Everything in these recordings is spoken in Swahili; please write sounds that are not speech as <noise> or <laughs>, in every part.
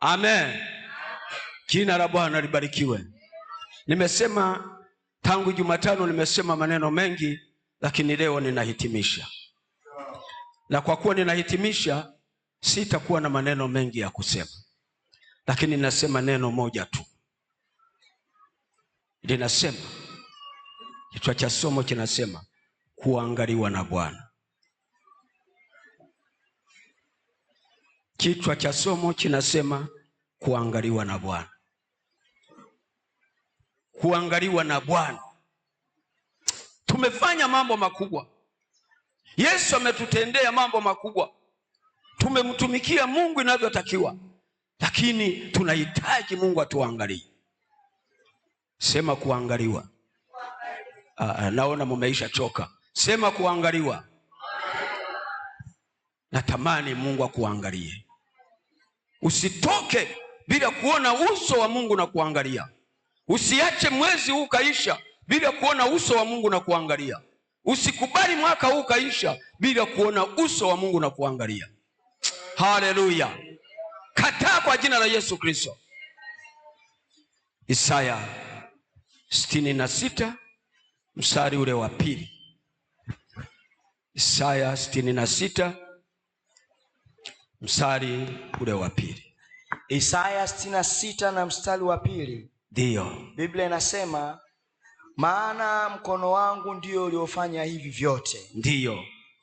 Amen. Jina la Bwana libarikiwe. Nimesema tangu Jumatano, nimesema maneno mengi, lakini leo ninahitimisha, na kwa kuwa ninahitimisha, sitakuwa na maneno mengi ya kusema, lakini ninasema neno moja tu, linasema kichwa cha somo kinasema kuangaliwa na Bwana. Kichwa cha somo kinasema kuangaliwa na Bwana. Kuangaliwa na Bwana. Tumefanya mambo makubwa. Yesu ametutendea mambo makubwa. Tumemtumikia Mungu inavyotakiwa. Lakini tunahitaji Mungu atuangalie. Sema kuangaliwa. Aa, ah, ah, naona mumeisha choka. Sema kuangaliwa. Natamani Mungu akuangalie. Usitoke bila kuona uso wa Mungu na kuangalia. Usiache mwezi huu kaisha bila kuona uso wa Mungu na kuangalia. Usikubali mwaka huu kaisha bila kuona uso wa Mungu na kuangalia. Haleluya! Kataa kwa jina la Yesu Kristo. Isaya sitini na sita mstari ule wa pili. Isaya sitini na sita mstari ule wa pili. Isaya 66 na mstari wa pili, ndiyo Biblia inasema maana mkono wangu ndio uliofanya hivi vyote, ndiyo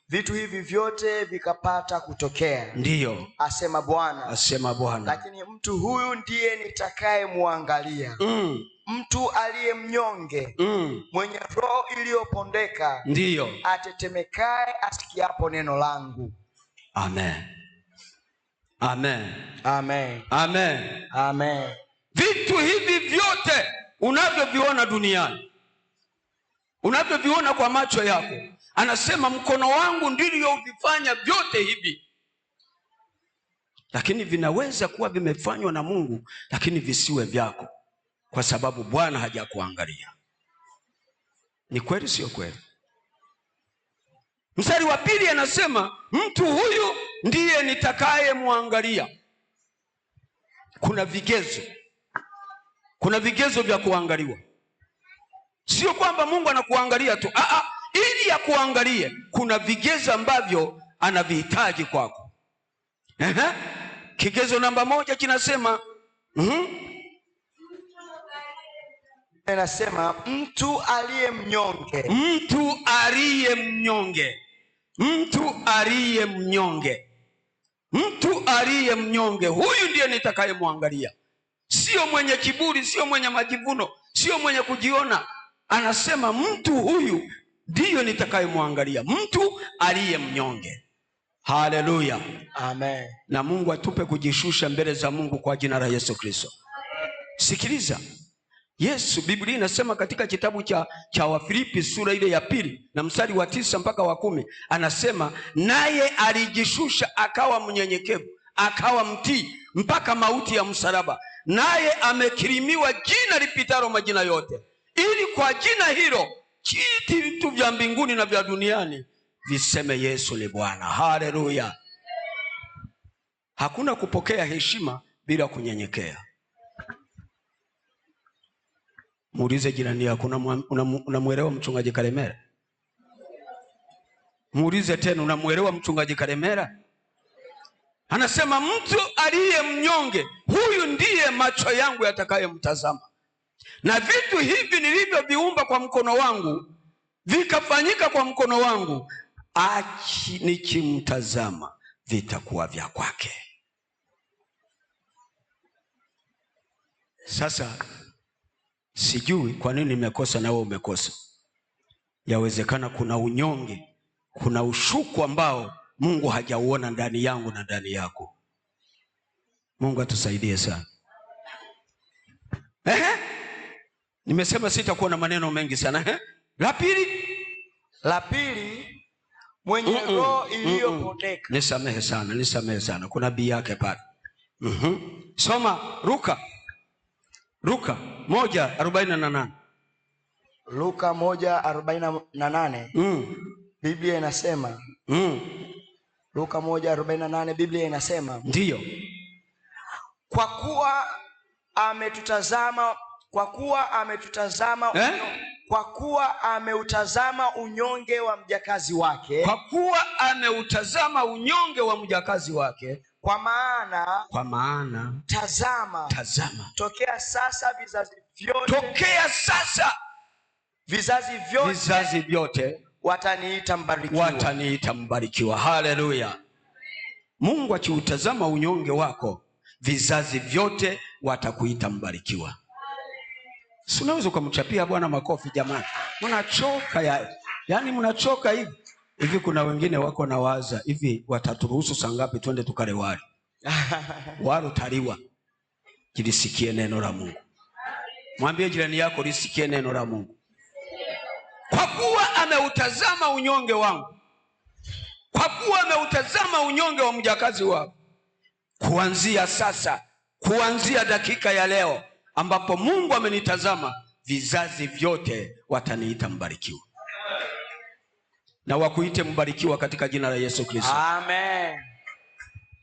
vitu hivi vyote vikapata kutokea, ndiyo asema Bwana, asema Bwana, lakini mtu huyu ndiye nitakayemwangalia mm. Mtu aliye mnyonge mm. mwenye roho iliyopondeka, ndiyo atetemekaye asikiapo neno langu. Amen. Amen. Amen. Amen. Amen. Vitu hivi vyote unavyoviona duniani, unavyoviona kwa macho yako, anasema mkono wangu ndivyo vyote hivi, lakini vinaweza kuwa vimefanywa na Mungu, lakini visiwe vyako, kwa sababu Bwana hajakuangalia. Ni kweli, sio kweli? Mstari wa pili anasema mtu huyu ndiye nitakayemwangalia. Kuna vigezo, kuna vigezo vya kuangaliwa. Sio kwamba Mungu anakuangalia tu, aa, ah, ah, ili akuangalie kuna vigezo ambavyo anavihitaji kwako. Ehe, kigezo namba moja kinasema mm-hmm. mtu aliye mnyonge, mtu aliye mnyonge mtu aliye mnyonge, mtu aliye mnyonge, huyu ndiye nitakayemwangalia, sio mwenye kiburi, sio mwenye majivuno, sio mwenye kujiona. Anasema mtu huyu ndiyo nitakayemwangalia, mtu aliye mnyonge. Haleluya, amen. Na Mungu atupe kujishusha mbele za Mungu kwa jina la Yesu Kristo. Sikiliza. Yesu, Biblia inasema katika kitabu cha, cha Wafilipi sura ile ya pili na mstari wa tisa mpaka wa kumi anasema naye alijishusha akawa mnyenyekevu akawa mtii mpaka mauti ya msalaba, naye amekirimiwa jina lipitalo majina yote, ili kwa jina hilo kiti vitu vya mbinguni na vya duniani viseme Yesu ni Bwana. Haleluya! Hakuna kupokea heshima bila kunyenyekea. Muulize jirani yako, unamwelewa mchungaji Karemera? Muulize tena, unamwelewa mchungaji Karemera? Anasema mtu aliye mnyonge, huyu ndiye macho yangu yatakayomtazama, na vitu hivi nilivyoviumba kwa mkono wangu vikafanyika kwa mkono wangu, achi nikimtazama, vitakuwa vya kwake. Sasa Sijui kwa nini nimekosa na wewe umekosa. Yawezekana kuna unyonge, kuna ushuku ambao Mungu hajauona ndani yangu na ndani yako. Mungu atusaidie sana. Ehe? Nimesema sitakuwa na maneno mengi sana. Ehe? La pili, la pili mwenye mm -mm, roho iliyopoteka. Mm -mm. Nisamehe sana, nisamehe sana. Kuna bii yake pale. Mhm. Mm, soma Luka. Luka moja arobaini na nane Luka moja arobaini na nane mm. Biblia inasema mm. Luka moja arobaini na nane Biblia inasema ndiyo, kwa kuwa ametutazama kwa kuwa ametutazama eh? Kwa kuwa ameutazama unyonge wa mjakazi wake, kwa kuwa ameutazama unyonge wa mjakazi wake, kwa maana, kwa maana tazama, tazama, tokea sasa vizazi vyote, tokea sasa vizazi vyote, vizazi vyote wataniita mbarikiwa, wataniita mbarikiwa. Haleluya! Mungu akiutazama unyonge wako, vizazi vyote watakuita mbarikiwa. Si unaweza ukamchapia Bwana makofi jamani, mnachoka ya, yani mnachoka hivi Hivi kuna wengine wako na waza hivi, wataturuhusu saa ngapi twende tukale wali? <laughs> Wali utaliwa. kilisikie neno la Mungu. Mwambie jirani yako lisikie neno la Mungu. Kwa kuwa ameutazama unyonge wangu, kwa kuwa ameutazama unyonge wa mjakazi wako. Kuanzia sasa, kuanzia dakika ya leo ambapo Mungu amenitazama, vizazi vyote wataniita mbarikiwa na wakuite mbarikiwa katika jina la Yesu Kristo. Amen.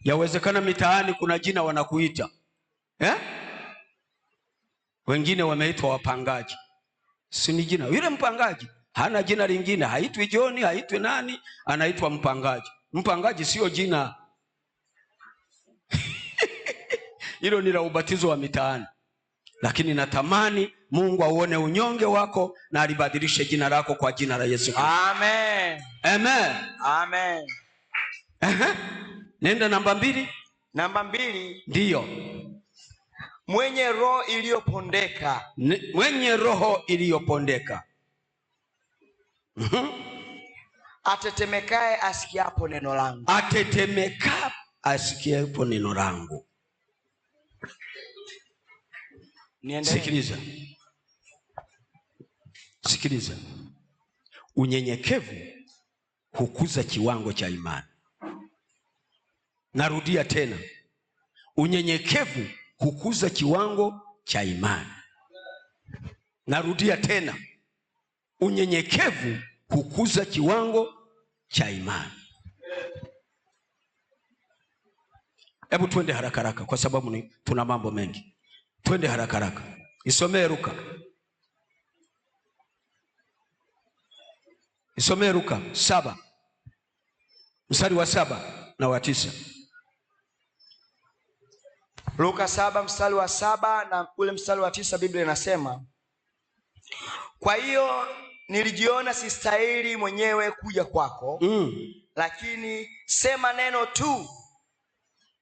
Yawezekana mitaani kuna jina wanakuita eh? Wengine wameitwa wapangaji, si ni jina yule mpangaji, hana jina lingine, haitwi Joni, haitwi nani, anaitwa mpangaji. Mpangaji sio jina <laughs> hilo ni la ubatizo wa mitaani lakini natamani Mungu auone unyonge wako na alibadilishe jina lako kwa jina la Yesu Kristo. Amen. Amen. Amen. Nenda namba mbili. Namba mbili. Ndiyo. Mwenye roho iliyopondeka. Mwenye roho iliyopondeka. Mhm. Atetemekae asikiapo neno langu. Atetemeka asikiapo neno langu. Sikiliza, sikiliza, unyenyekevu hukuza kiwango cha imani. Narudia tena, unyenyekevu hukuza kiwango cha imani. Narudia tena, unyenyekevu hukuza kiwango cha imani. Hebu tuende haraka haraka, kwa sababu ni tuna mambo mengi. Twende haraka haraka, isomee Luka, isomee Luka saba mstari wa saba na wa tisa. Luka saba mstari wa saba na ule mstari wa tisa, Biblia inasema kwa hiyo nilijiona sistahili mwenyewe kuja kwako mm, lakini sema neno tu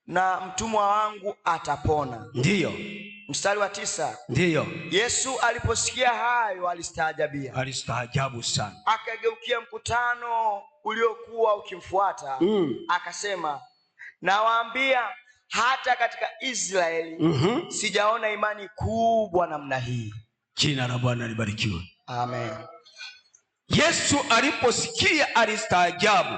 na mtumwa wangu atapona. Ndiyo mstari wa tisa. Ndiyo, Yesu aliposikia hayo alistaajabia, alistaajabu sana, akageukia mkutano uliokuwa ukimfuata mm. Akasema, nawaambia hata katika Israeli mm -hmm. sijaona imani kubwa namna hii. Jina la Bwana libarikiwe, amen. Yesu aliposikia alistaajabu,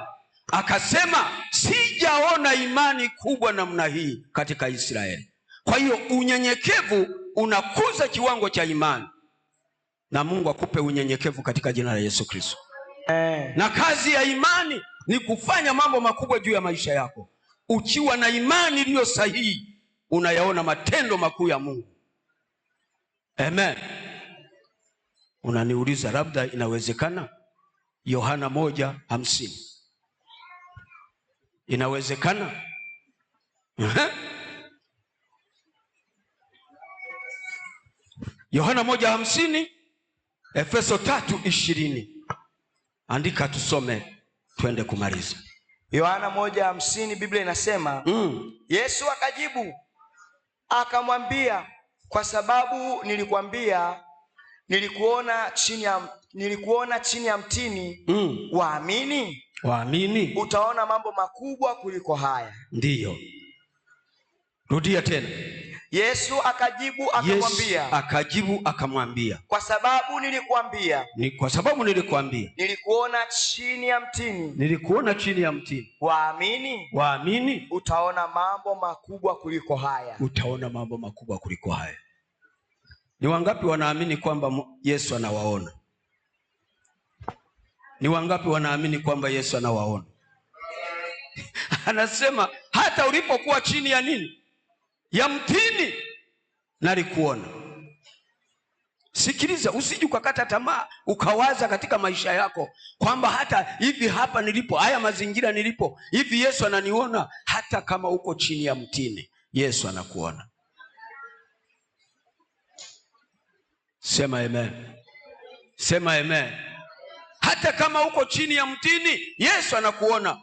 akasema, sijaona imani kubwa namna hii katika Israeli. Kwa hiyo unyenyekevu unakuza kiwango cha imani, na Mungu akupe unyenyekevu katika jina la Yesu Kristo. Na kazi ya imani ni kufanya mambo makubwa juu ya maisha yako. Ukiwa na imani iliyo sahihi, unayaona matendo makuu ya Mungu. Amen. Unaniuliza, labda inawezekana? Yohana moja hamsini inawezekana? Yohana moja hamsini Efeso tatu ishirini Andika tusome twende kumaliza. Yohana moja hamsini Biblia inasema mm. Yesu akajibu akamwambia, kwa sababu nilikwambia nilikuona chini ya nilikuona chini ya mtini mm. waamini waamini, utaona mambo makubwa kuliko haya. Ndiyo, rudia tena Yesu akajibu akamwambia, Yesu akajibu akamwambia, kwa sababu nilikwambia, ni kwa sababu nilikwambia, nilikuona chini ya mtini, nilikuona chini ya mtini, waamini, waamini, utaona mambo makubwa kuliko haya, utaona mambo makubwa kuliko haya. Ni wangapi wanaamini kwamba Yesu anawaona? Ni wangapi wanaamini kwamba Yesu anawaona? <laughs> Anasema hata ulipokuwa chini ya nini ya mtini nalikuona. Sikiliza, usiji ukakata tamaa ukawaza katika maisha yako kwamba hata hivi hapa nilipo, haya mazingira nilipo hivi, Yesu ananiona. Hata kama uko chini ya mtini, Yesu anakuona. Sema amen. Sema amen. Hata kama uko chini ya mtini, Yesu anakuona,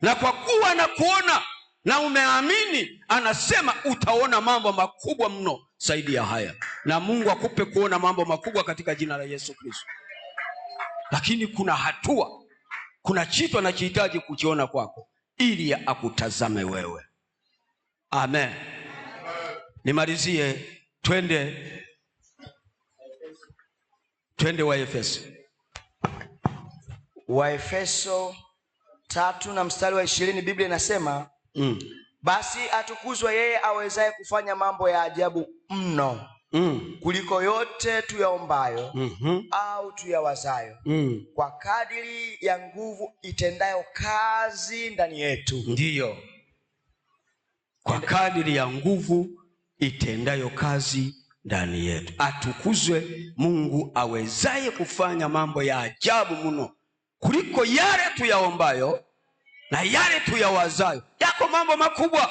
na kwa kuwa anakuona na umeamini, anasema utaona mambo makubwa mno zaidi ya haya, na Mungu akupe kuona mambo makubwa katika jina la Yesu Kristo. Lakini kuna hatua, kuna kitu anakihitaji kukiona kwako ili akutazame wewe. Amen. Nimalizie, twende twende Waefeso, Waefeso tatu na mstari wa ishirini Biblia inasema mm. Basi atukuzwe yeye awezaye kufanya mambo ya ajabu mno mm. kuliko yote tuyaombayo mm -hmm. au tuyawazayo mm. kwa kadiri ya nguvu itendayo kazi ndani yetu. Ndiyo, kwa kadiri ya nguvu itendayo kazi ndani yetu. Atukuzwe Mungu awezaye kufanya mambo ya ajabu mno kuliko yale tuyaombayo na yale tuyawazayo. Yako mambo makubwa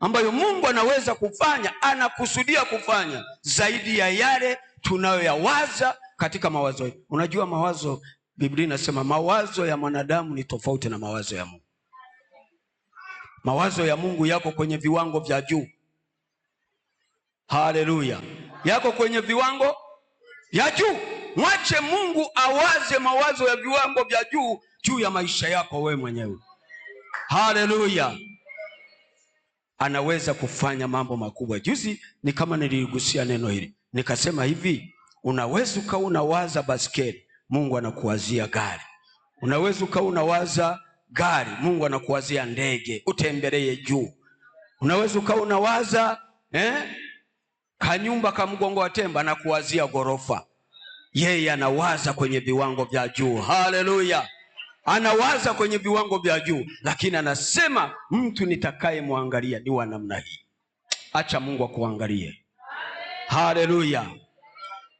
ambayo Mungu anaweza kufanya, anakusudia kufanya zaidi ya yale tunayoyawaza katika mawazo yetu. Unajua mawazo, Biblia inasema mawazo ya mwanadamu ni tofauti na mawazo ya Mungu. Mawazo ya Mungu yako kwenye viwango vya juu. Haleluya, yako kwenye viwango vya juu. Mwache Mungu awaze mawazo ya viwango vya juu juu ya maisha yako wewe mwenyewe. Haleluya, anaweza kufanya mambo makubwa. Juzi ni kama niligusia neno hili nikasema hivi, unaweza ukawa unawaza baskeli, Mungu anakuwazia gari. Unaweza ukawa unawaza gari, Mungu anakuwazia ndege utembelee juu. Unaweza ukawa unawaza eh, kanyumba ka mgongo wa temba, anakuwazia ghorofa. Yeye anawaza kwenye viwango vya juu. Haleluya anawaza kwenye viwango vya juu, lakini anasema mtu nitakayemwangalia ni wa namna hii. Acha Mungu akuangalie. Haleluya!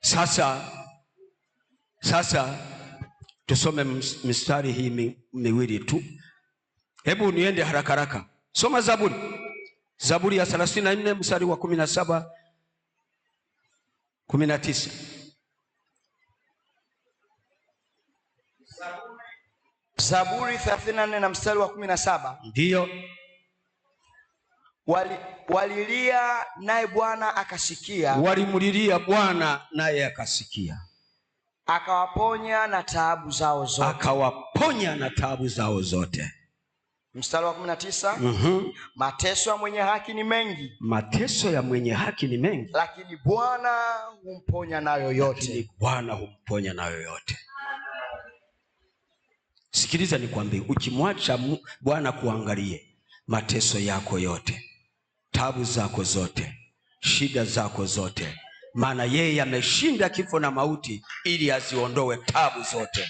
Sasa, sasa tusome mistari hii mi, miwili tu. Hebu niende haraka haraka, soma Zaburi, Zaburi ya 34 mstari wa 17 19. Zaburi 34 na mstari wa 17. na Ndiyo. Wali, walilia naye Bwana akasikia, walimlilia Bwana naye akasikia, akawaponya na taabu zao zote, akawaponya na taabu zao zote. Mstari wa 19. Mm-hmm. Mateso ya mwenye haki ni mengi, mateso ya mwenye haki ni mengi, lakini Bwana humponya nayo yote, lakini Bwana humponya nayo yote. Sikiliza nikwambie, ukimwacha Bwana kuangalie mateso yako yote, tabu zako zote, shida zako zote, maana yeye ameshinda kifo na mauti ili aziondoe tabu zote,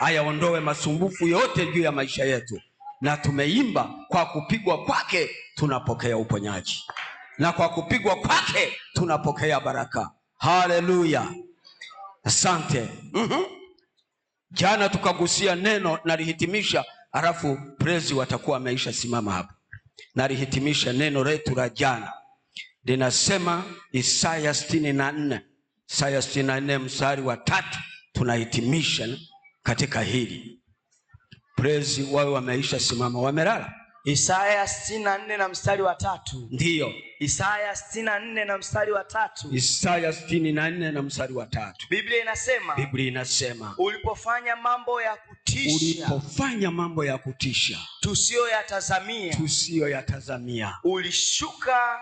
ayaondoe masumbufu yote juu ya maisha yetu. Na tumeimba kwa kupigwa kwake tunapokea uponyaji, na kwa kupigwa kwake tunapokea baraka. Haleluya, asante. mm -hmm. Jana tukagusia neno nalihitimisha, halafu Prezi watakuwa wameisha simama hapa. Nalihitimisha neno letu la jana linasema Isaya sitini na nne Isaya sitini na nne mstari wa tatu tunahitimisha katika hili. Prezi wawe wameisha simama, wamelala Isaya sitini na nne na mstari wa tatu. Ndiyo, Isaya sitini na nne na mstari wa tatu. Isaya sitini na nne na mstari wa tatu. Biblia inasema, Biblia inasema, ulipofanya mambo ya kutisha, ulipofanya mambo ya kutisha tusiyoyatazamia, tusiyoyatazamia, ulishuka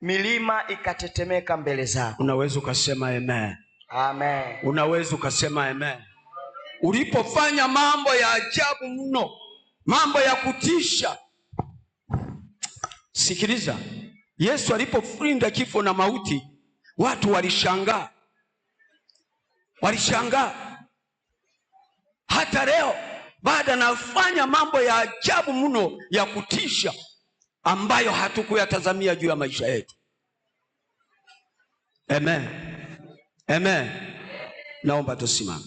milima ikatetemeka mbele zako. Unaweza ukasema amen. Amen. Unaweza ukasema amen. Ulipofanya mambo ya ajabu mno mambo ya kutisha. Sikiliza, Yesu alipofunga kifo na mauti, watu walishangaa, walishangaa. Hata leo baada nafanya mambo ya ajabu mno ya kutisha ambayo hatukuyatazamia juu ya maisha yetu. Amen. Amen. Naomba tusimame.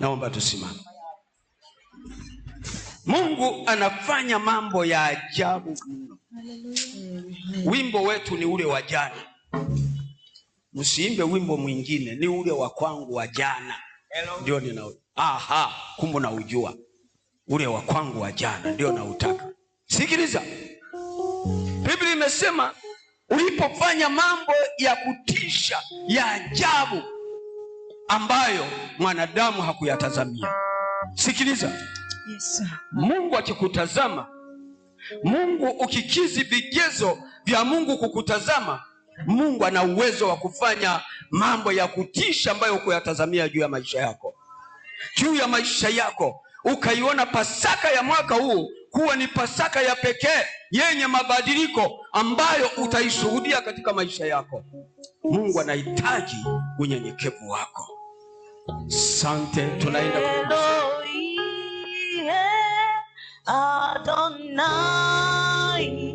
Naomba tusimame. Mungu anafanya mambo ya ajabu mno. Wimbo wetu ni ule wa jana, msiimbe wimbo mwingine, ni ule wa kwangu wa jana ndio nina aha, kumbe naujua ule wa kwangu wa jana, ndio nautaka. Sikiliza, Biblia imesema ulipofanya mambo ya kutisha ya ajabu ambayo mwanadamu hakuyatazamia. Sikiliza. Yes. Mungu akikutazama, Mungu ukikizi vigezo vya Mungu kukutazama, Mungu ana uwezo wa kufanya mambo ya kutisha ambayo hukuyatazamia juu ya maisha yako, juu ya maisha yako, ukaiona Pasaka ya mwaka huu kuwa ni Pasaka ya pekee yenye mabadiliko ambayo utaishuhudia katika maisha yako. Mungu anahitaji unyenyekevu wako. Sante, tunaenda イエアドナイ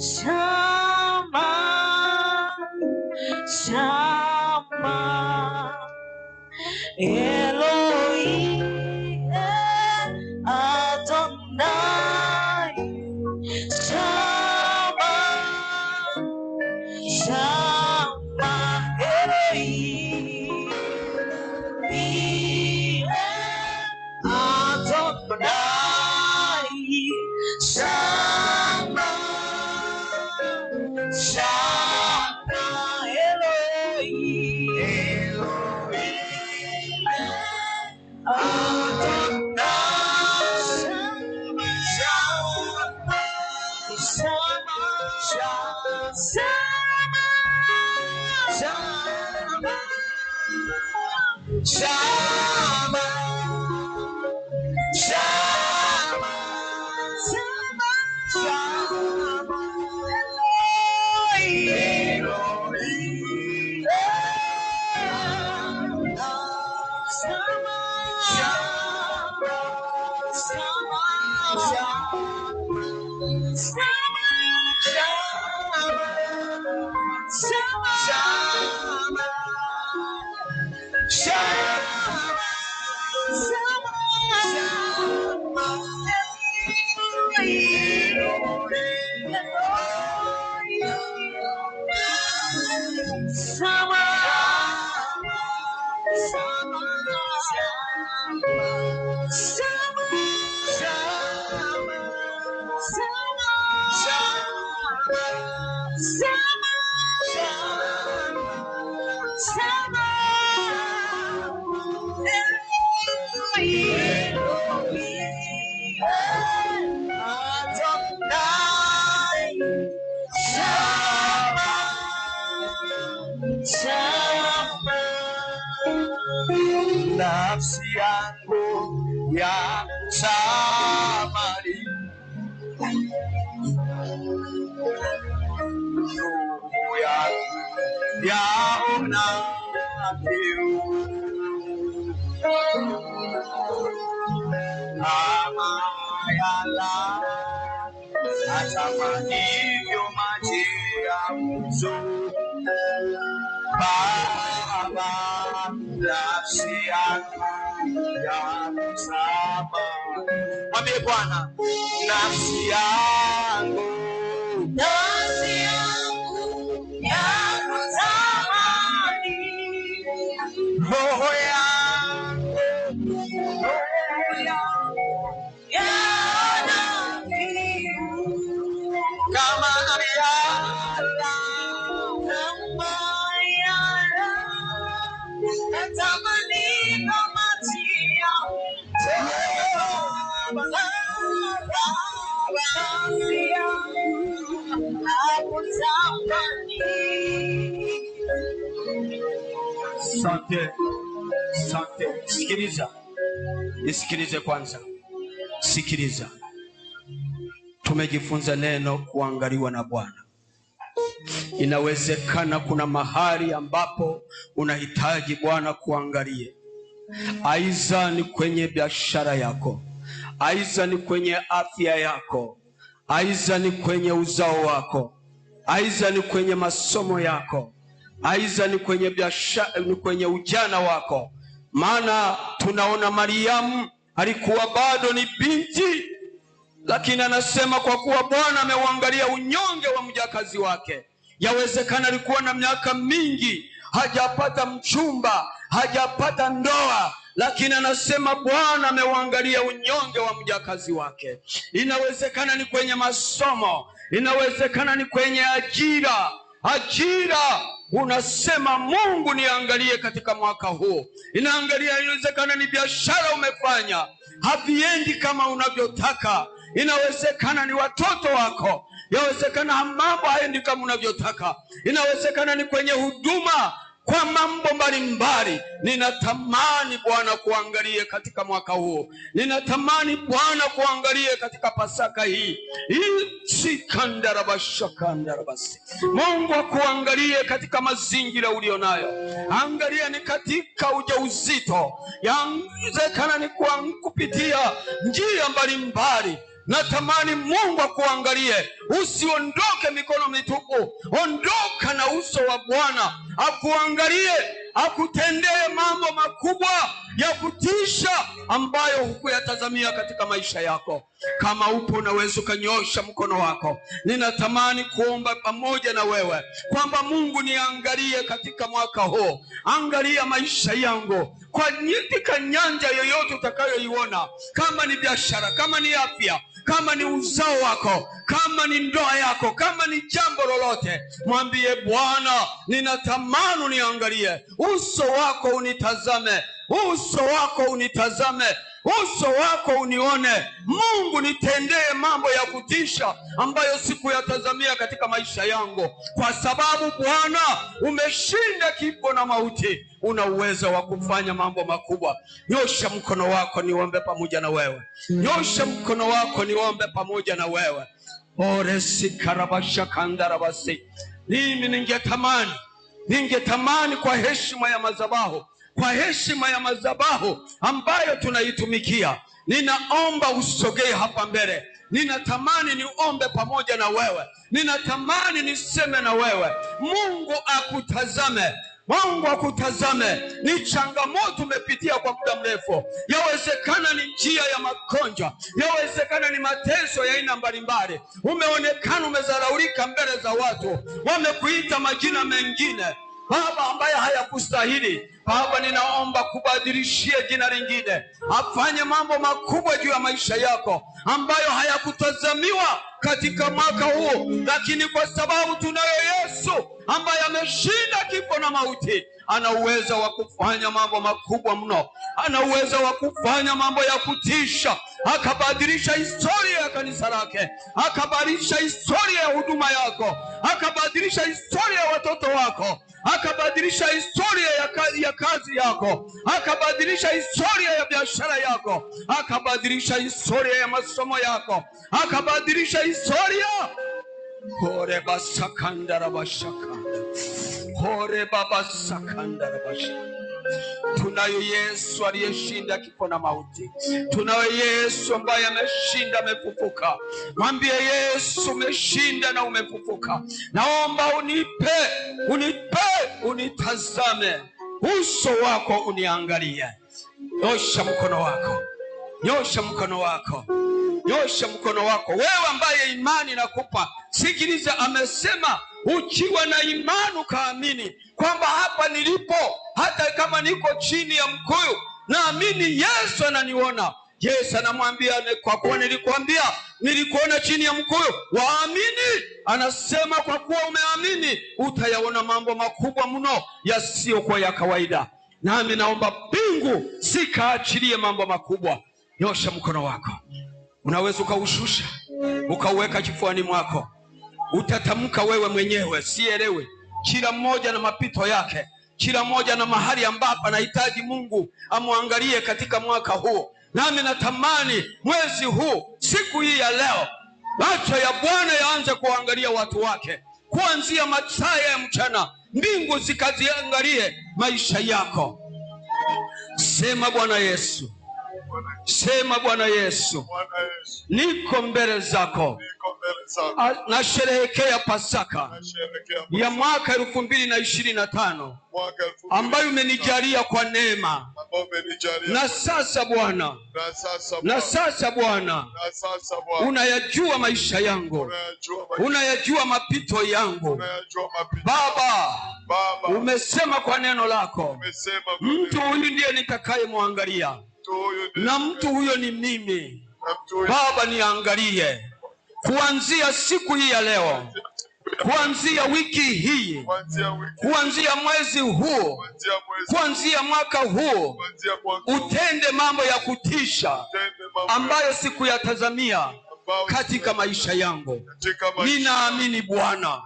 シャマシャマエロ kala atamanivyo maji ya mto. Baba, nafsi yangu yakusabaha. Mwambie Bwana, nafsi yangu Sante, sante. Sikiliza, nisikilize kwanza, sikiliza. Tumejifunza neno kuangaliwa na Bwana. Inawezekana kuna mahali ambapo unahitaji Bwana kuangalie, aiza ni kwenye biashara yako, aiza ni kwenye afya yako, aiza ni kwenye uzao wako, aiza ni kwenye masomo yako aidha ni kwenye biashara, ni kwenye ujana wako, maana tunaona Mariamu alikuwa bado ni binti, lakini anasema kwa kuwa Bwana ameuangalia unyonge wa mjakazi wake. Yawezekana alikuwa na miaka mingi hajapata mchumba, hajapata ndoa lakini anasema Bwana ameuangalia unyonge wa mjakazi wake. Inawezekana ni kwenye masomo, inawezekana ni kwenye ajira ajira unasema Mungu, niangalie katika mwaka huo. Inaangalia, inawezekana ni biashara umefanya haviendi kama unavyotaka, inawezekana ni watoto wako, inawezekana mambo haendi kama unavyotaka, inawezekana ni kwenye huduma kwa mambo mbalimbali. Ninatamani Bwana kuangalie katika mwaka huu, ninatamani Bwana kuangalie katika Pasaka hii ichikandarabashakandarabasi. Mungu akuangalie katika mazingira ulionayo, angalia ni katika ujauzito, yawezekana ni kupitia njia mbalimbali Natamani Mungu akuangalie, usiondoke mikono mitupu, ondoka na uso wa Bwana akuangalie akutendee mambo makubwa ya kutisha ambayo hukuyatazamia katika maisha yako. Kama upo unaweza ukanyosha mkono wako. Ninatamani kuomba pamoja na wewe kwamba Mungu, niangalie katika mwaka huu, angalia maisha yangu kwa nyitika nyanja yoyote utakayoiona, kama ni biashara, kama ni afya kama ni uzao wako, kama ni ndoa yako, kama ni jambo lolote, mwambie Bwana, ninatamani uniangalie, uso wako unitazame, uso wako unitazame uso wako unione. Mungu, nitendee mambo ya kutisha ambayo sikuyatazamia katika maisha yangu, kwa sababu Bwana umeshinda kifo na mauti, una uwezo wa kufanya mambo makubwa. Nyosha mkono wako niombe pamoja na wewe, nyosha mkono wako niombe pamoja na wewe. Oresikaravashakandaravasi mimi ningetamani, ningetamani kwa heshima ya madhabahu kwa heshima ya madhabahu ambayo tunaitumikia. Ninaomba usogee hapa mbele, ninatamani niombe pamoja na wewe, ninatamani niseme na wewe. Mungu akutazame Mungu akutazame. Ni changamoto umepitia kwa muda mrefu, yawezekana ni njia ya magonjwa, yawezekana ni mateso ya aina mbalimbali. Umeonekana umezaraurika mbele za watu, wamekuita majina mengine, Baba ambaye hayakustahili Baba, ninaomba kubadilishie jina lingine, afanye mambo makubwa juu ya maisha yako ambayo hayakutazamiwa katika mwaka huu, lakini kwa sababu tunayo Yesu ambaye ameshinda kifo na mauti ana uwezo wa kufanya mambo makubwa mno, ana uwezo wa kufanya mambo ya kutisha, akabadilisha historia ya kanisa lake, akabadilisha historia ya huduma yako, akabadilisha historia ya watoto wako akabadilisha historia ya kazi, ya kazi yako akabadilisha historia ya biashara yako akabadilisha historia ya masomo yako akabadilisha historia kore basakandara hore baba sakanda rabasha Tunayo Yesu aliyeshinda kifo na mauti. Tunayo Yesu ambaye ameshinda, amefufuka. Mwambie Yesu, umeshinda na umefufuka. Naomba unipe, unipe, unitazame, uso wako uniangalie. Nyosha mkono wako, nyosha mkono wako, nyosha mkono wako, wewe ambaye imani nakupa. Sikiliza, amesema ukiwa na imani ukaamini kwamba hapa nilipo, hata kama niko chini ya mkuyu, naamini Yesu ananiona. Yesu anamwambia kwa kuwa nilikwambia, nilikuona chini ya mkuyu, waamini. Anasema kwa kuwa umeamini, utayaona mambo makubwa mno yasiyokuwa ya kawaida. Nami naomba mbingu sikaachilie mambo makubwa. Nyosha mkono wako, unaweza ukaushusha ukauweka kifuani mwako utatamka wewe mwenyewe, sielewe. Kila mmoja na mapito yake, kila mmoja na mahali ambapo anahitaji Mungu amwangalie katika mwaka huu Nami natamani mwezi huu, siku hii ya leo, macho ya Bwana yaanze kuangalia watu wake, kuanzia masaa ya mchana, mbingu zikaziangalie maisha yako. Sema Bwana Yesu Sema Bwana Yesu, niko mbele zako, nasherehekea Pasaka ya mwaka elfu mbili na ishirini na tano ambayo umenijalia kwa neema. Na sasa Bwana, na sasa Bwana, unayajua maisha yangu, unayajua mapito yangu Baba. Umesema kwa neno lako, mtu huyu ndiye nitakayemwangalia na mtu huyo ni mimi. Baba, niangalie kuanzia siku hii ya leo, kuanzia wiki hii, kuanzia mwezi huu, kuanzia mwaka huu, utende mambo ya kutisha ambayo sikuyatazamia katika maisha yangu. Ninaamini Bwana,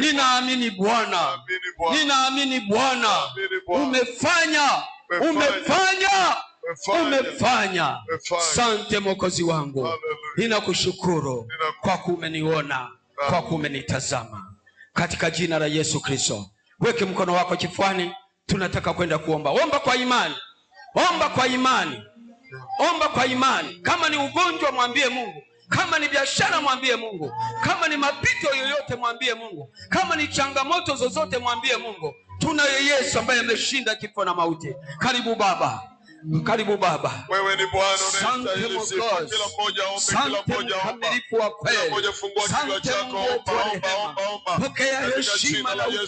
ninaamini Bwana, ninaamini Bwana, umefanya, umefanya umefanya. Sante Mwokozi wangu, ninakushukuru kwa kumeniona, kwa kumenitazama, katika jina la Yesu Kristo. Weke mkono wako chifwani tunataka kwenda kuomba. Omba kwa imani, omba kwa imani, omba kwa imani. Kama ni ugonjwa, mwambie Mungu kama ni biashara mwambie Mungu. Kama ni mapito yoyote mwambie Mungu. Kama ni changamoto zozote mwambie Mungu. Tunaye Yesu ambaye ameshinda kifo na mauti. Karibu Baba. Mkaribu Baba, wewe ni Bwana unayestahili sifa. Kila mmoja ombe, kila mmoja omba, kila mmoja fungua kinywa chako, omba, omba, omba, omba. Pokea heshima na aliye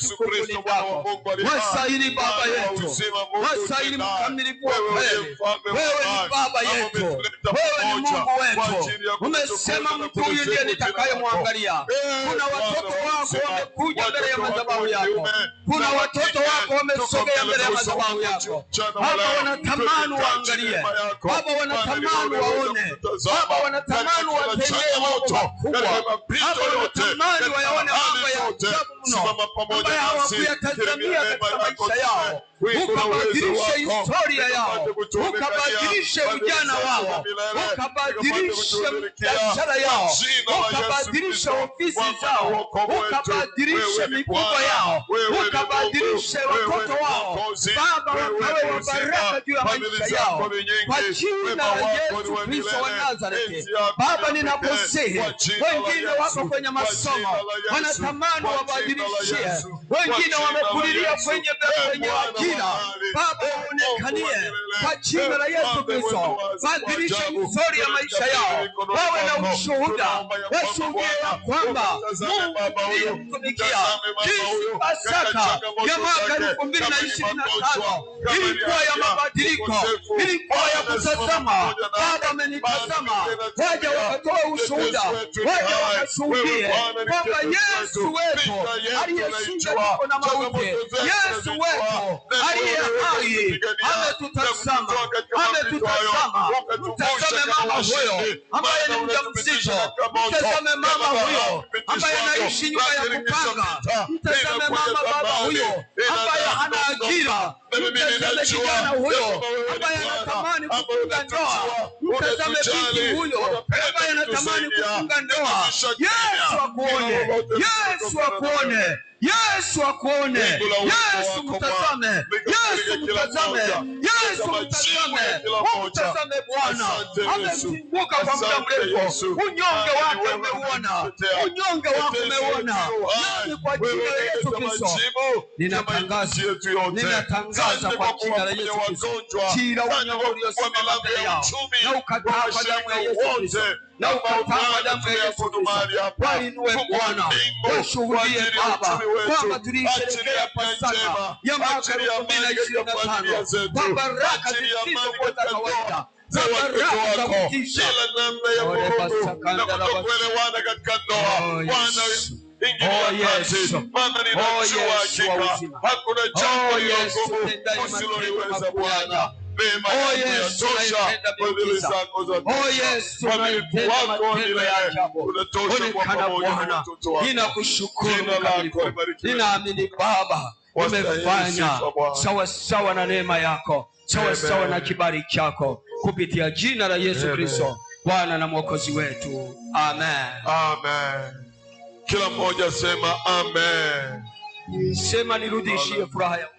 wako, wastahili Baba yetu, wastahili mkamilifu wa kweli. Wewe ni Baba yetu, wewe ni Mungu wetu. Umesema mtu huyu ndiye nitakayemwangalia. Kuna ee, watoto wako wamekuja mbele ya madhabahu yako, kuna watoto wako wamesogea mbele ya madhabahu yako, hapa wanatamani wanatamani waangalie, Baba wanatamani waone, Baba wanatamani watendewe moto kubwa, Baba wanatamani wayaone mambo ya ajabu mno ambaye hawakuyatazamia katika maisha yao, ukabadilishe historia yao, ukabadilishe ujana wao, ukabadilishe biashara yao, ukabadilishe ofisi zao, ukabadilishe mifugo yao, ukabadilishe watoto wao. Baba, wakawe wa baraka juu ya maisha yao kwa jina la Yesu Kristo wa Nazareti. Baba, ninaposihi wengine wako kwenye masomo wanatamani wabadilike umenidhihirishia, wengine wamekulilia kwenye kwenye ajira. Baba, waonekanie kwa jina la Yesu ee ee ee Kristo, badilisha msori ya maisha yao, wawe na ushuhuda, washuhudie ya kwamba Mungu nilikutumikia jinsi Pasaka ya mwaka elfu mbili na ishirini na tano ilikuwa ya mabadiliko, ilikuwa ya kutazama. Baba amenitazama, waja wakatoa ushuhuda, waja wakashuhudie kwamba Yesu wetu aliyeshinda na mauti. Yesu wetu aliye hai ametutazama, ametutazama. Mtazame mama huyo ambaye ni mjamzito, mtazame mama huyo ambaye anaishi nyumba ya kupanga, mtazame mama baba huyo ambaye ana ajira kijana huyo ambaye anatamani kufunga ndoa, mtazame binti huyo ambaye anatamani kufunga ndoa. Yesu akuone, Yesu akuone. Yesu akuone, Yesu mtazame, Yesu mtazame, Yesu mtazame, mtazame Bwana. Amemkumbuka kwa muda mrefu, unyonge wako umeuona, unyonge wako umeuona. Nami kwa jina la Yesu Kristo ninatangaza kwa jina la Yesu Kristo, kila unyonge uliosimama mbele yao na ukataa kwa damu ya Yesu Kristo na ukataa kwa damu ya Yesu Kristo, wainue Bwana, ushuhudie Baba kwamba tuliisherehekea Pasaka ya mwaka elfu mbili na ishirini na tano kwa baraka zisizokuwa za kawaida kuelewana katika ndoa. Oh, Bwana ingilia kati. Oh, maana oh, ninajua hakika hakuna jambo lililogumu usiloliweza Bwana mema yanatosha kwa vile zako za oh, wamiliki wako unatosha kwa pamoja wako. Ninakushukuru, ninaamini Baba umefanya sawasawa na neema yako sawasawa na kibali chako kupitia jina la Yesu Kristo Bwana na mwokozi wetu amen. Amen. Kila mmoja sema amen, sema nirudishie furaha